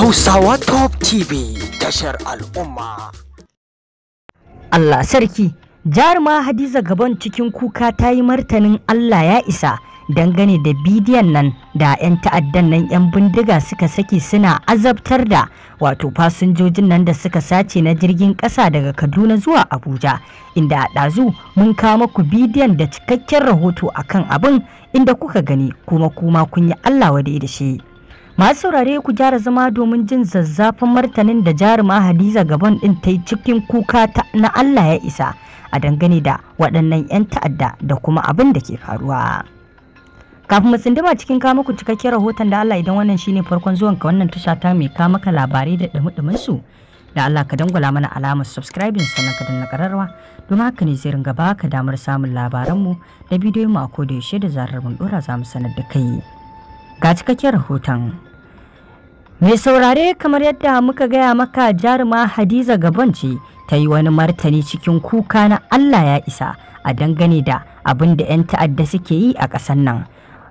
Hausawa Top TV tashar al'umma. Allah sarki, jaruma Hadiza gaban cikin kuka ta yi martanin Allah ya isa dangane da bidiyon nan da 'yan ta'addan nan 'yan bindiga suka saki suna azabtar da wato fasinjojin nan da suka sace na jirgin ƙasa daga Kaduna zuwa Abuja inda a ɗazu mun kawo ku bidiyon da cikakken rahoto akan abin inda kuka gani kuma kuma kun yi Allah wadai da shi. masu saurare ku gyara zama domin jin zazzafin martanin da jaruma hadiza gaban din ta yi cikin kuka ta na allah ya isa a dangane da waɗannan 'yan ta'adda da kuma abin da ke faruwa kafin mu tsindima cikin kama ku cikakken rahoton da allah idan wannan shine farkon zuwan ka wannan tusha ta mai kama ka labarai da dumi su da allah ka dangwala mana alamar subscribing sannan ka danna kararwa don haka ne zai ringa baka damar samun labaranmu da bidiyon mu a koda yaushe da zarar mun dora za mu sanar da kai ga cikakken rahoton Mai saurare kamar yadda muka gaya maka jaruma Hadiza Gabon ce ta yi wani martani cikin kuka na Allah ya isa a dangane da abin da 'yan ta'adda suke yi a ƙasar nan.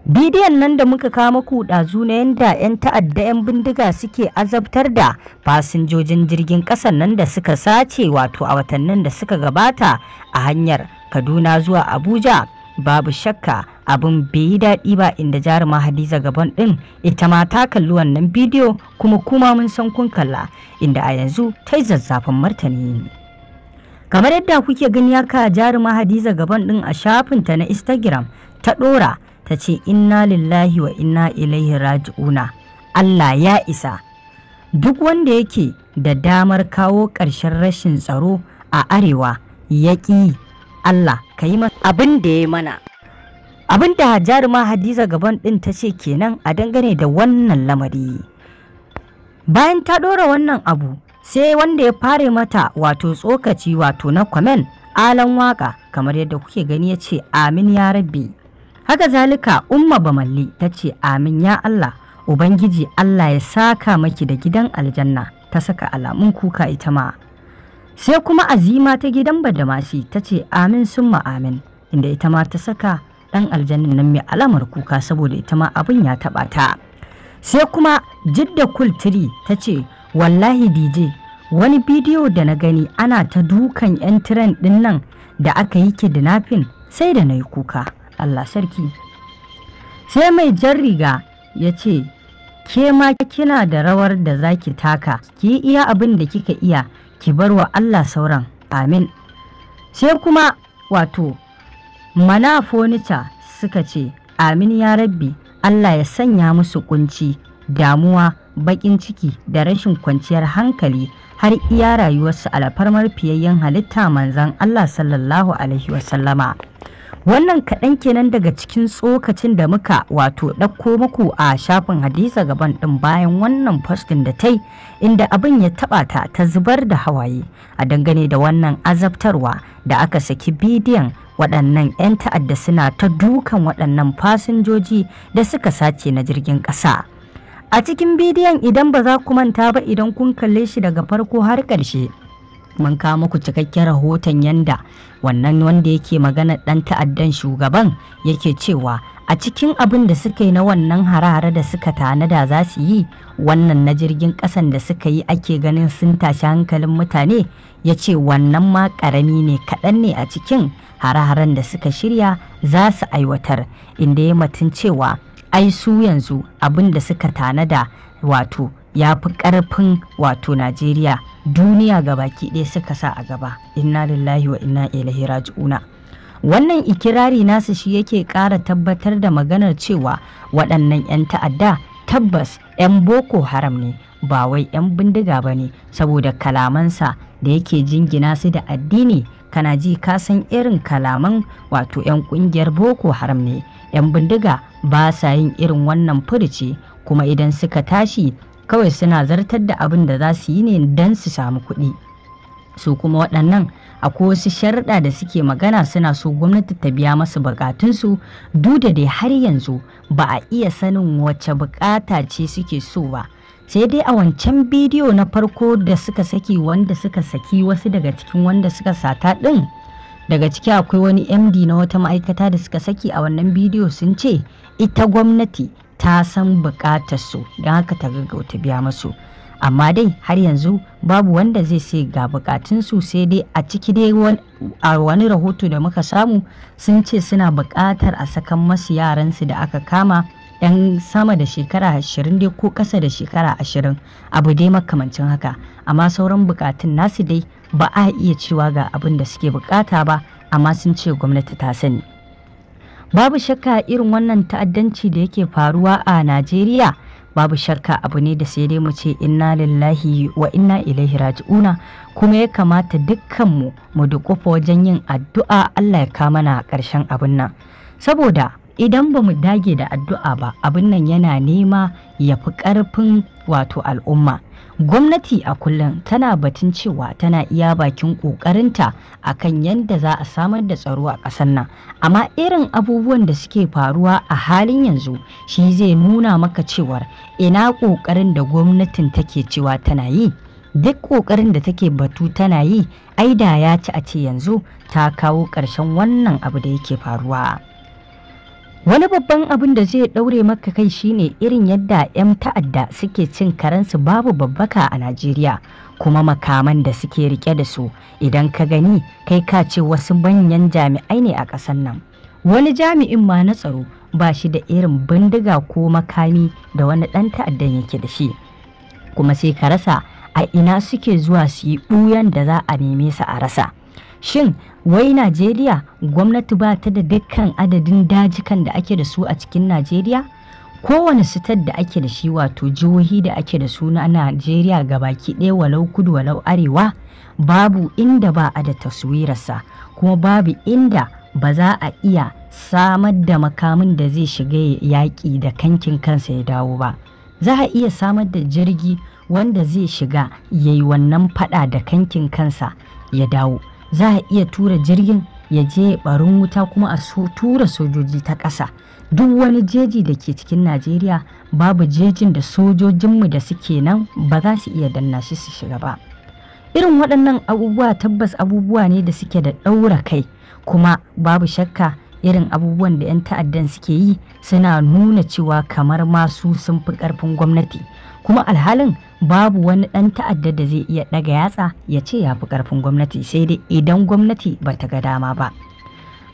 Bidiyon nan da muka kama maku ɗazu na yadda 'yan ta'adda 'yan bindiga suke azabtar da fasinjojin jirgin ƙasar nan da suka sace wato a watannin da suka gabata a hanyar Kaduna zuwa Abuja babu shakka abin bai yi daɗi ba inda jaruma hadiza gaban ɗin ita ma ta kalli wannan bidiyo kuma kuma mun san kun kalla inda a yanzu ta yi zazzafin martani kamar yadda kuke gani haka jaruma hadiza gaban ɗin a shafin ta na instagram ta ɗora ta ce inna lillahi wa inna ilaihi raji'una allah ya isa duk wanda yake da damar kawo ƙarshen rashin tsaro a arewa ya ƙi Allah ka yi abin da ya mana. abin da jaruma hadiza gaban din ta ce kenan a dangane da wannan lamari bayan ta ɗora wannan abu sai wanda ya fare mata wato tsokaci wato na kwamen alan waka kamar yadda kuke gani ya ce amin ya rabbi haka zalika umma bamalli ta ce amin ya allah ubangiji allah ya saka maki da gidan aljanna ta saka alamun kuka ita ma sai kuma azima ta gidan Badamashi ta ce amin summa amin inda ita ma ta saka ɗan aljannin nan mai alamar kuka saboda ita ma abin ya taɓa ta sai kuma jidda kultiri ta ce wallahi dj wani bidiyo da na gani ana ta dukan 'yan tiren ɗin nan da aka yi kidnapping sai da na yi kuka allah sarki sai mai jan riga ya ce ke ma kina da rawar da zaki taka ki yi iya abin da kika iya ki bar wa allah sauran amin sai kuma wato Mana suka ce, Amin ya rabbi, Allah ya sanya musu kunci, damuwa, baƙin ciki da rashin kwanciyar hankali har iya rayuwarsu alfarmar fiyayyen halitta manzan Allah sallallahu Alaihi wasallama. Wannan kaɗan kenan daga cikin tsokacin da muka wato ɗauko muku a shafin hadisa gaban ɗin bayan wannan postin da ta yi inda abin ya taɓa ta ta zubar da hawaye a dangane da wannan azabtarwa da aka saki bidiyon waɗannan 'yan ta'adda suna ta dukan waɗannan fasinjoji da suka sace na jirgin ƙasa a cikin bidiyon idan ba za ku manta ba idan kun kalle shi daga farko har ƙarshe mun kawo muku cikakken rahoton yanda wannan wanda yake magana dan ta'addan shugaban yake cewa a cikin abin da suka yi na wannan harare da suka tanada za su yi wannan na jirgin kasan da suka yi ake ganin sun tashi hankalin mutane ya ce wannan ma karami ne kaɗan ne a cikin hare da suka shirya za su aiwatar inda ya matun cewa ai su yanzu abin da suka tanada wato ya fi ƙarfin wato najeriya duniya ga baki ɗaya suka sa a gaba inna lillahi wa inna ilaihi raji'una wannan ikirari nasu shi yake ƙara tabbatar da maganar cewa waɗannan 'yan ta'adda tabbas 'yan boko haram ne ba wai 'yan bindiga ba ne saboda kalamansa da yake jingina su da addini kana ji kasan irin kalaman wato 'yan ƙungiyar boko haram ne 'yan bindiga ba sa yin irin wannan furuci kuma idan suka tashi kawai suna zartar da abin da za su yi ne don su samu kuɗi su kuma waɗannan akwai wasu sharɗa da suke magana suna so gwamnati ta biya masu buƙatunsu duk da dai har yanzu ba a iya sanin wacce buƙata ce suke so ba sai dai a wancan bidiyo na farko da suka saki wanda suka saki wasu daga cikin wanda suka sata ɗin daga ciki akwai wani md na wata ma'aikata da suka saki a wannan bidiyo sun ce ita gwamnati ta san bukatar su don haka ta gaggauta biya masu amma dai har yanzu babu wanda zai sai ga bukatun su sai dai a ciki dai a wani rahoto da muka samu sun ce suna bukatar a sakan masu yaran su da aka kama yan sama da shekara ashirin dai ko kasa da shekara ashirin abu dai makamancin haka amma sauran bukatun nasu dai ba a iya cewa ga abin da suke bukata ba amma sun ce gwamnati ta sani babu shakka irin wannan ta'addanci da yake faruwa a najeriya babu shakka abu ne da sai dai mu ce inna lillahi wa inna ilaihi raji'una kuma ya kamata dukkanmu mu duƙufa wajen yin addu'a allah ya kama na ƙarshen abin nan saboda idan ba mu dage da addu'a ba abin nan yana nema ya fi ƙarfin wato al'umma gwamnati a kullum tana batun cewa tana iya bakin ƙoƙarinta a kan yadda za a samar da tsaro a ƙasar nan amma irin abubuwan da suke faruwa a halin yanzu shi zai nuna maka cewar ina ƙoƙarin da gwamnatin take cewa tana yi duk ƙoƙarin da take batu tana yi aida ya ci a ce yanzu ta kawo ƙarshen wannan abu da yake faruwa. wani babban abin da zai ɗaure maka kai shine irin yadda 'yan ta'adda suke cin karensu babu babbaka a najeriya kuma makaman da suke rike da su idan ka gani kai ka ce wasu banyan jami'ai ne a ƙasar nan wani jami'in ma na tsaro ba shi da irin bindiga ko makami da wani ɗan ta'addan yake da shi kuma sai ka rasa a ina suke zuwa su yi ɓuyan da za a neme su a rasa Shin wai Najeriya gwamnati ba ta da dukkan adadin dajikan da ake da su a cikin Najeriya? Kowane sitar da ake da shi wato jihohi da ake da su na Najeriya baki ɗaya walau kudu walau arewa babu inda ba a da taswirarsa kuma babu inda ba za a iya samar da makamin da zai shiga yaƙi da kankin kansa ya dawo ba. Za a iya samar da jirgi wanda zai shiga yayi wannan faɗa da kankin kansa ya dawo. za a iya tura jirgin ya je barin wuta kuma a tura sojoji ta ƙasa duk wani jeji da ke cikin najeriya babu jejin da sojojinmu da suke nan ba za su iya danna shi su shiga ba irin waɗannan abubuwa tabbas abubuwa ne da suke da ɗaura kai kuma babu shakka irin abubuwan da 'yan ta'addan suke yi suna nuna cewa kamar masu sun fi ƙarfin gwamnati kuma alhalin babu wani dan ta'adda da zai iya daga yatsa ya ce ya fi karfin gwamnati sai dai idan gwamnati ba ta ga dama ba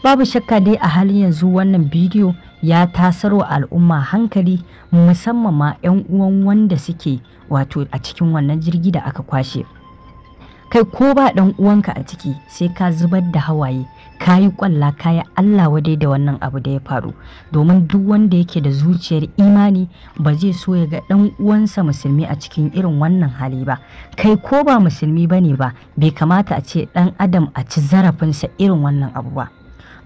babu shakka dai a halin yanzu wannan bidiyo ya tasarwa al'umma hankali musamman ma 'yan uwan wanda suke wato a cikin wannan jirgi da aka kwashe kai ko ba dan uwanka a ciki sai ka zubar da hawaye ka yi kwalla yi Allah wadai da wannan abu da ya faru domin duk wanda yake da zuciyar imani ba zai so ya ga dan uwansa musulmi a cikin irin wannan hali ba kai ko ba musulmi bane ba bai kamata a ce dan adam a ci zarafinsa irin wannan abu ba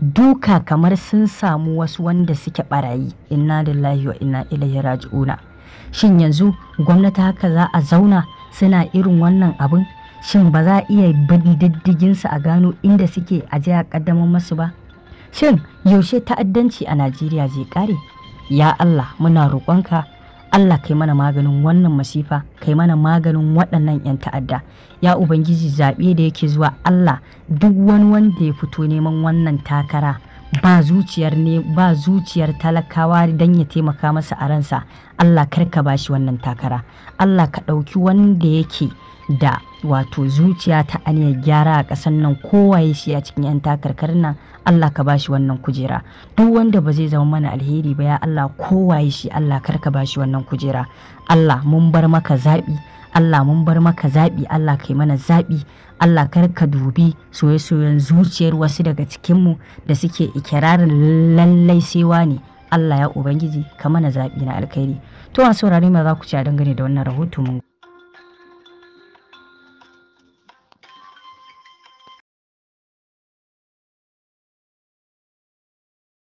duka kamar sun samu wasu wanda suke barayi inna lillahi wa inna ilaihi raji'una shin yanzu gwamnati haka za a zauna suna irin wannan abin shin ba za a iya bin diddiginsu a gano inda suke a jiya kaddamar masu ba shin yaushe ta'addanci a najeriya zai kare ya allah muna roƙonka allah kai mana maganin wannan masifa kai mana maganin waɗannan 'yan ta'adda ya ubangiji zaɓe da yake zuwa allah duk wani wanda ya fito neman wannan takara ba zuciyar ne ba zuciyar talakawa don ya taimaka masa a ransa allah kar ka bashi wannan takara allah ka ɗauki wanda yake da wato zuciya ta aniyar gyara a ƙasar nan kowaye shi a cikin 'yan takarkar nan Allah ka bashi wannan kujera duk wanda ba zai zama mana alheri ba ya Allah kowaye shi Allah kar ka bashi wannan kujera Allah mun bar maka zaɓi Allah mun bar maka zaɓi Allah kai mana zaɓi Allah kar ka dubi soye-soyen zuciyar wasu daga cikinmu da suke ikirarin lallai sewa ne Allah ya Ubangiji ka mana zaɓi na alkhairi to a saurari ma za ku ci a dangane da wannan rahoton mun